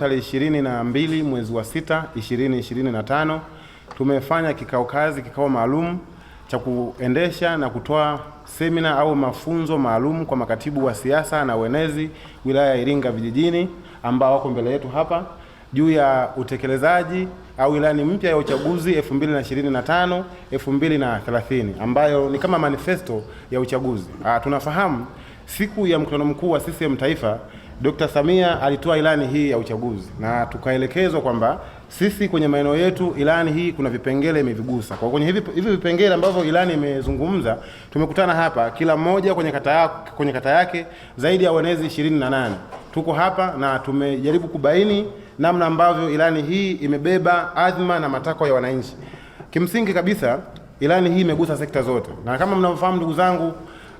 Tarehe ishirini na mbili mwezi wa sita ishirini ishirini na tano tumefanya kikao kazi, kikao maalum cha kuendesha na kutoa semina au mafunzo maalum kwa makatibu wa siasa na uenezi wilaya ya Iringa vijijini ambao wako mbele yetu hapa juu ya utekelezaji au ilani mpya ya uchaguzi 2025 2030 ambayo ni kama manifesto ya uchaguzi. Ah, tunafahamu siku ya mkutano mkuu wa CCM taifa Dkt. Samia alitoa ilani hii ya uchaguzi na tukaelekezwa kwamba sisi kwenye maeneo yetu ilani hii kuna vipengele imevigusa. Kwa kwenye hivi, hivi vipengele ambavyo ilani imezungumza, tumekutana hapa kila mmoja kwenye kata yake, kwenye kata yake zaidi ya wenezi ishirini na nane tuko hapa na tumejaribu kubaini namna ambavyo ilani hii imebeba azma na matakwa ya wananchi. Kimsingi kabisa ilani hii imegusa sekta zote na kama mnavyofahamu ndugu zangu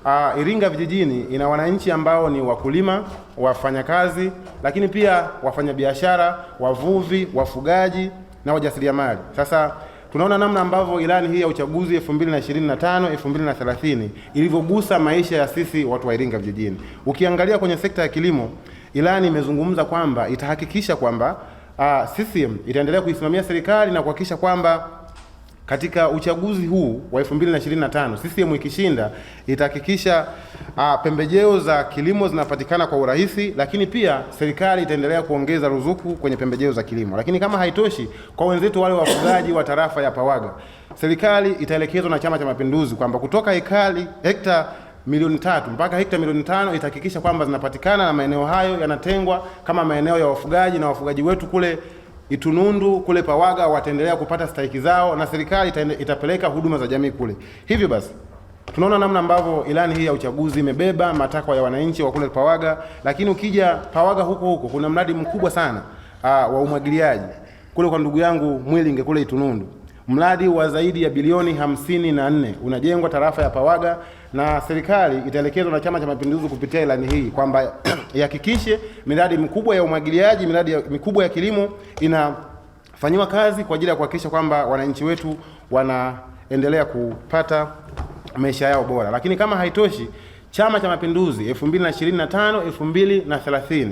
uh, Iringa vijijini ina wananchi ambao ni wakulima, wafanyakazi, lakini pia wafanyabiashara, wavuvi, wafugaji na wajasiriamali. Sasa tunaona namna ambavyo ilani hii ya uchaguzi 2025 2030 ilivyogusa maisha ya sisi watu wa Iringa vijijini. Ukiangalia kwenye sekta ya kilimo, ilani imezungumza kwamba itahakikisha kwamba uh, ah, CCM itaendelea kuisimamia serikali na kuhakikisha kwamba katika uchaguzi huu wa 2025 CCM ikishinda itahakikisha ah, pembejeo za kilimo zinapatikana kwa urahisi, lakini pia serikali itaendelea kuongeza ruzuku kwenye pembejeo za kilimo. Lakini kama haitoshi, kwa wenzetu wale wafugaji wa tarafa ya Pawaga, serikali itaelekezwa na Chama cha Mapinduzi kwamba kutoka hekali hekta milioni tatu mpaka hekta milioni tano itahakikisha kwamba zinapatikana na maeneo hayo yanatengwa kama maeneo ya wafugaji na wafugaji wetu kule Itunundu kule Pawaga wataendelea kupata stahiki zao na serikali itapeleka huduma za jamii kule. Hivyo basi tunaona namna ambavyo ilani hii ya uchaguzi imebeba matakwa ya wananchi wa kule Pawaga, lakini ukija Pawaga huko huko kuna mradi mkubwa sana aa, ah, wa umwagiliaji kule kwa ndugu yangu Mwilinge kule Itunundu, mradi wa zaidi ya bilioni hamsini na nne unajengwa tarafa ya Pawaga na serikali itaelekezwa na Chama cha Mapinduzi kupitia ilani hii kwamba ihakikishe miradi mikubwa ya umwagiliaji, miradi mikubwa ya kilimo inafanyiwa kazi kwa ajili ya kuhakikisha kwamba wananchi wetu wanaendelea kupata maisha yao bora. Lakini kama haitoshi, Chama cha Mapinduzi 2025 2030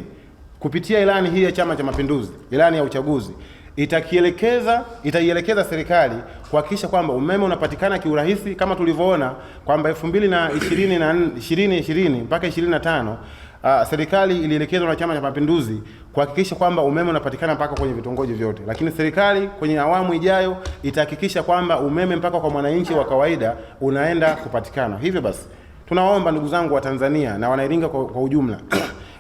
kupitia ilani hii ya Chama cha Mapinduzi, ilani ya uchaguzi itaielekeza serikali kuhakikisha kwamba umeme unapatikana kiurahisi kama tulivyoona kwamba 2020 mpaka 25 Uh, ah, serikali ilielekezwa na Chama cha Mapinduzi kuhakikisha kwamba umeme unapatikana mpaka kwenye vitongoji vyote, lakini serikali kwenye awamu ijayo itahakikisha kwamba umeme mpaka kwa mwananchi wa kawaida unaenda kupatikana. Hivyo basi tunawaomba ndugu zangu wa Tanzania na Wanairinga kwa, kwa ujumla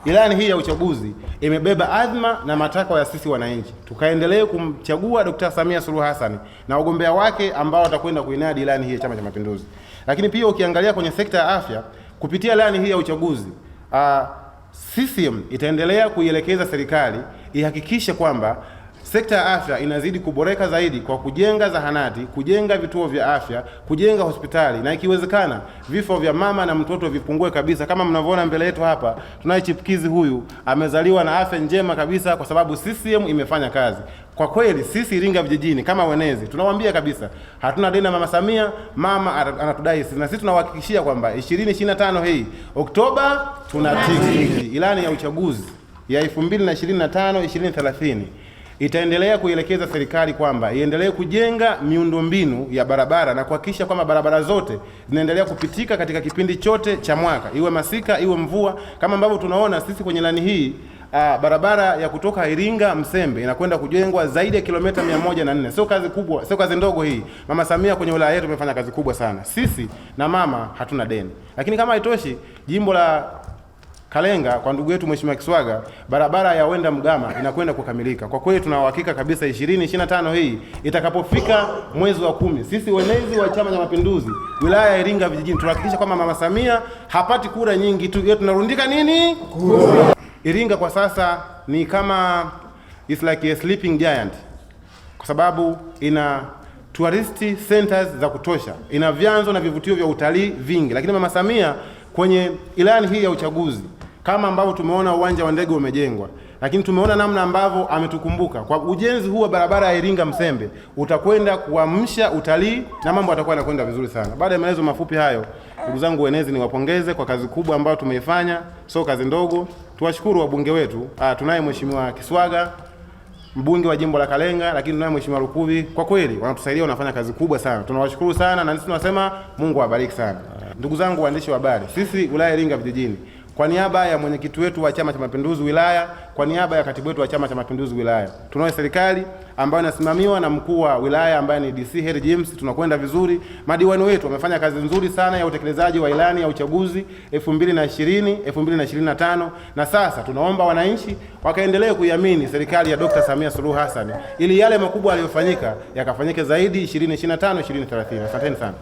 Ilani hii ya uchaguzi imebeba adhma na matakwa ya sisi wananchi, tukaendelee kumchagua Dkt. Samia Suluhu Hassan na wagombea wake ambao watakwenda kuinadi ilani hii ya Chama cha Mapinduzi. Lakini pia ukiangalia kwenye sekta ya afya kupitia ilani hii ya uchaguzi uh, ah, CCM itaendelea kuielekeza serikali ihakikishe kwamba Sekta ya afya inazidi kuboreka zaidi kwa kujenga zahanati, kujenga vituo vya afya, kujenga hospitali na ikiwezekana vifo vya mama na mtoto vipungue kabisa. Kama mnavyoona mbele yetu hapa, tunaye chipukizi huyu amezaliwa na afya njema kabisa, kwa sababu CCM imefanya kazi. Kwa kweli sisi Iringa vijijini kama wenezi tunawaambia kabisa, hatuna deni na mama Samia, mama anatudai sisi, na sisi tunawahakikishia kwamba 2025 hii Oktoba tunatiki ilani ya uchaguzi ya 2025 2030 itaendelea kuielekeza serikali kwamba iendelee kujenga miundombinu ya barabara na kuhakikisha kwamba barabara zote zinaendelea kupitika katika kipindi chote cha mwaka, iwe masika iwe mvua, kama ambavyo tunaona sisi kwenye lani hii. Aa, ah, barabara ya kutoka Iringa Msembe inakwenda kujengwa zaidi ya kilomita mia nne. Sio kazi kubwa, sio kazi ndogo hii. Mama Samia kwenye wilaya yetu amefanya kazi kubwa sana. Sisi na mama hatuna deni, lakini kama haitoshi jimbo la Kalenga kwa ndugu yetu Mheshimiwa Kiswaga, barabara ya Wenda Mgama inakwenda kukamilika. Kwa kweli tuna uhakika kabisa 2025 hii itakapofika mwezi wa kumi, sisi wenezi wa Chama cha Mapinduzi wilaya ya Iringa vijijini tunahakikisha kwamba Mama Samia hapati kura nyingi tu, tunarundika nini kura. Iringa kwa sasa ni kama it's like a sleeping giant kwa sababu ina tourist centers za kutosha, ina vyanzo na vivutio vya utalii vingi, lakini Mama Samia kwenye ilani hii ya uchaguzi kama ambavyo tumeona uwanja wa ndege umejengwa, lakini tumeona namna ambavyo ametukumbuka kwa ujenzi huu wa barabara ya Iringa Msembe utakwenda kuamsha utalii na mambo yatakuwa yanakwenda vizuri sana. Baada ya maelezo mafupi hayo, ndugu zangu wenezi, niwapongeze kwa kazi kubwa ambayo tumeifanya, sio kazi ndogo. Tuwashukuru wabunge wetu, ah, tunaye mheshimiwa Kiswaga mbunge wa jimbo la Kalenga, lakini tunaye mheshimiwa Rukuvi, kwa kweli wanatusaidia, wanafanya kazi kubwa sana, tunawashukuru sana, na sisi tunasema Mungu awabariki sana. Ndugu zangu waandishi wa habari, sisi wilaya Iringa vijijini kwa niaba ya mwenyekiti wetu wa Chama cha Mapinduzi wilaya, kwa niaba ya katibu wetu wa Chama cha Mapinduzi wilaya, tunayo serikali ambayo inasimamiwa na mkuu wa wilaya ambaye ni DC Heri James. Tunakwenda vizuri, madiwani wetu wamefanya kazi nzuri sana ya utekelezaji wa ilani ya uchaguzi 2020 2025, na sasa tunaomba wananchi wakaendelee kuiamini serikali ya Dr. Samia Suluhu Hassan ili yale makubwa yaliyofanyika yakafanyike zaidi 2025 2030. Asanteni sana.